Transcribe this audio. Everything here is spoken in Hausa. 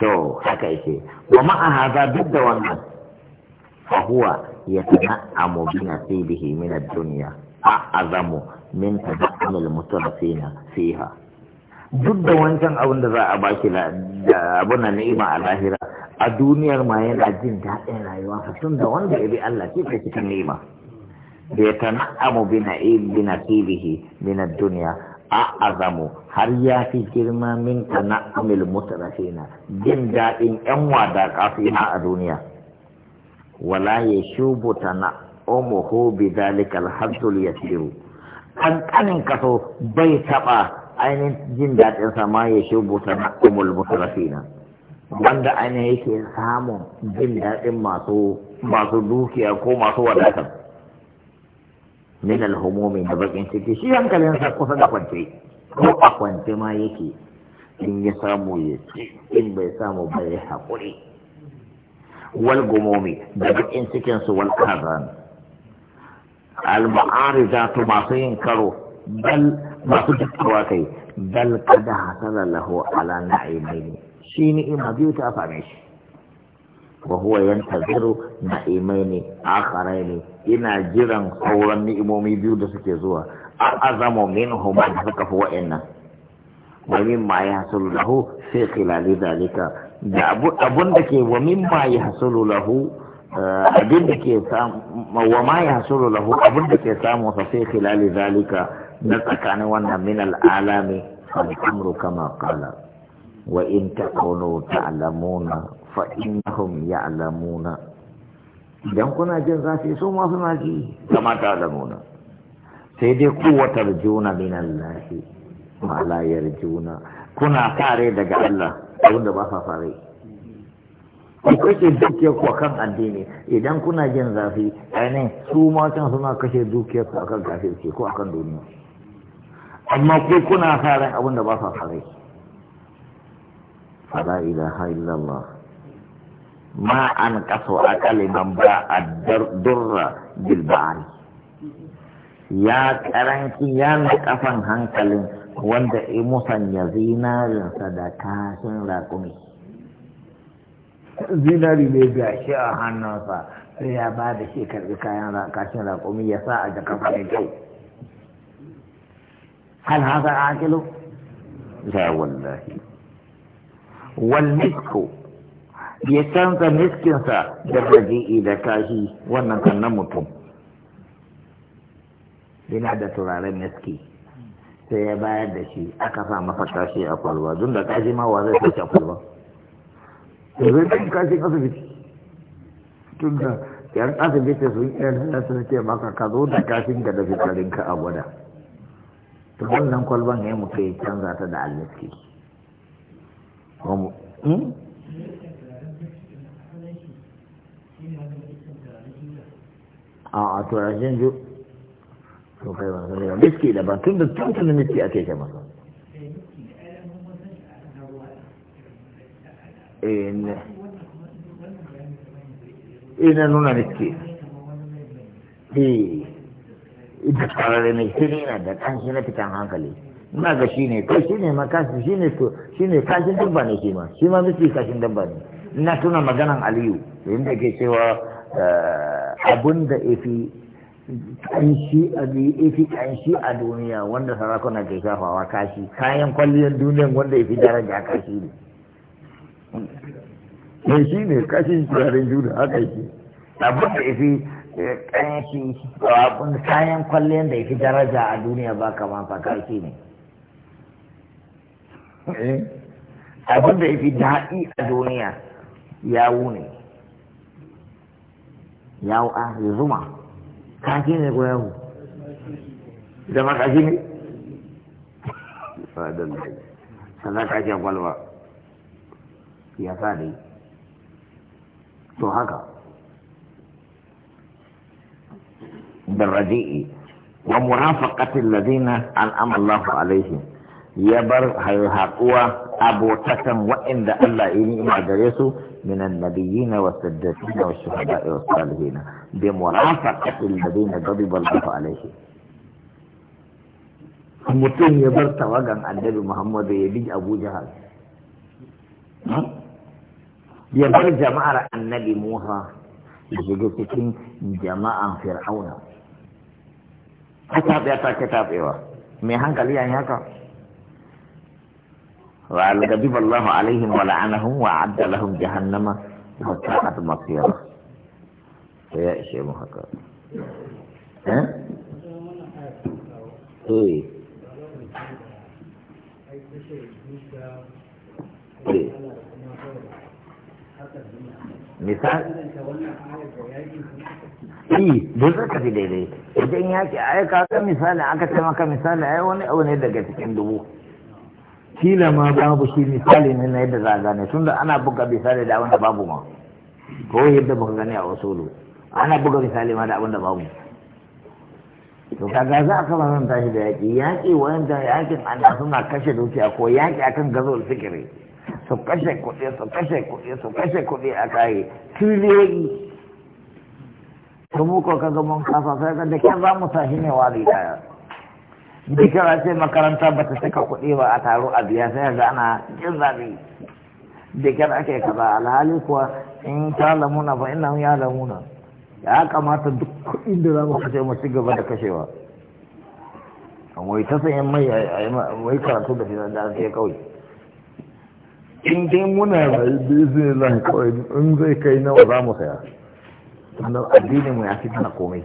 to haka yake wa ma'a haza duk da wannan fa huwa amu bi nasibihi min ad-dunya azamu min al mutarafina fiha duk da wancan abin da za a baki da na ni'ima a lahira a duniyar ma yana jin daɗin rayuwa tun da wanda ya bi Allah ke cikin ni'ima da ya amu bi na'ib bi nasibihi min ad-dunya a azamu har ya fi girma min ta na amil mutarafina jin daɗin yan wada kafina a duniya wala ya shubuta ta na omoho bi dalikal ya shiru ƙanƙanin kaso bai taɓa ainihin jin daɗin sama ya shubuta na umul mutarafina wanda ainihin yake samun jin daɗin masu dukiya ko masu wadatar min alhumumi da bakin ciki shi sa kusa da kwance ko a kwance ma yake in ya samu ya ci in bai samu ba ya haƙuri wal gumomi da bakin cikinsu wal kazan al-ma'arizatu masu yin karo bal masu jikawa kai bal kada hasala lahu ala na'imaini shi ni'ima biyu ta same shi wa huwa yantaziru na'imaini akharaini ina jiran sauran ni'imomi biyu da suke zuwa a azamu min huma da suka fi wa'annan wa ya hasulu lahu sai khilali zalika da abun da ke wa min ma ya hasulu lahu eh, abin da ke samu wa ma ya hasulu lahu abun da ke samu sa sai khilali zalika na tsakanin wannan min al'alami al'amru kama qala wa in takunu ta'lamuna fa innahum ya'lamuna idan kuna jin zafi su ma suna ji kama ta zamuna sai dai kowatar juna min Allah ma la yarjuna kuna fare daga Allah wanda ba sa fare ku kashe dukiyar ku akan addini idan kuna jin zafi ainihin su ma can suna kashe dukiyar ku akan kafirci ko akan duniya amma ku kuna fare abin da ba sa fare fala ilaha illallah ma an kaso a kaliman ba a durra bilba'ani ya karanci ya na kafan hankalin wanda ya musanya zinarinsa da kashin rakumi zinari ne ga shi a hannunsa sai ya ba da shi karbi kayan kashin rakumi ya sa a jaka mai kyau hal hasa akilu la wallahi wal misku ya canza miskinsa da gaji'i da kashi wannan kan na mutum yana da turaren miski sai ya bayar da shi aka sa masa kashi a kwalba don da kashi ma wa zai sace a kwalba yanzu ɗin kashi asibiti tun da yan asibiti sun iya nuna sun ce maka ka zo da kashin ga da fitarinka a gwada to wannan kwalban ya muke ya canza ta da almiski a a to rashin ju to kai ba sai miski da ba tun da tun tun miski ake kai masa eh ne ina eh, nuna miski eh ita tsararre mai shiri na da kanshi na fitan hankali ina ga shi ne kai shi ne makashi shi ne to shi ne kashin dabba ne shi ma shi ma miski kashin dabba ne ina tuna maganan aliyu da yadda ke cewa eh, abun da ifi kanshi a duniya wanda sarakuna ke shafawa kashi kayan kwalliyar duniya wanda ifi daraja kashi ne ne shi ne kashi turaren juna haka yake abin da ifi eh, kanshi abin kayan kwalliyar da ifi daraja a duniya ba kama ba kashi ne eh, abinda da ifi daɗi a duniya yawu ne yawo a ah, yi zuma kaki ne ko yawo zama kaki ne sannan kaki a kwalwa ya sa dai to haka barraji'i wa murafaqatil ladina an'ama Al'amallahu alaihim ya bar haihakuwa abotatan waɗanda Allah ya yi ni'ima gare su min annabiyina wa siddiqina wa shuhada'i wa salihin bi murafaqati alladhina ghadiba Allahu alaihi mutum ya bar tawagan annabi Muhammadu ya bi Abu Jahal ya bar jama'ar annabi Musa ya shiga cikin jama'an Fir'auna ta tafiya ta ke tafiyawa mai hankali ya yi haka وغضب الله عليهم ولعنهم وعد لهم جهنم وساءت مصيرا يا شيخ محقق ها؟ اي مثال اي مثال كتير مثال اذا يعني ايه كاكا مثال عكا تما كا مثال ايه وانا ايه دقيت كندبو kila ma babu shi misali ne na yadda za a gane tun da ana buga misali da abin da babu ma ko yadda muka gani a wasu ana buga misali ma da abin da babu to kaga za a kama zan tashi da yaƙi yaƙi wanda yaƙin ana suna kashe dukiya ko yaƙi akan gazo sikiri, su kashe kuɗi su kashe kuɗi su kashe kuɗi a kayi tiliyoyi kuma ko kaga mun kafa sai da kyan za mu tashi ne wari kaya dukkan sai makaranta ba ta saka kuɗi ba a taro a biya sai ga ana jin zaɓe dukkan ake kaza alhali kuwa in ta lamuna ba ina ya lamuna ya kamata duk kuɗi da za mu kashe mu ci gaba da kashewa wai ta sayan mai wai karatu da shi da ake kawai in dai muna zai bizinin kawai in zai kai nawa za mu saya sannan addini mu ya fi mana komai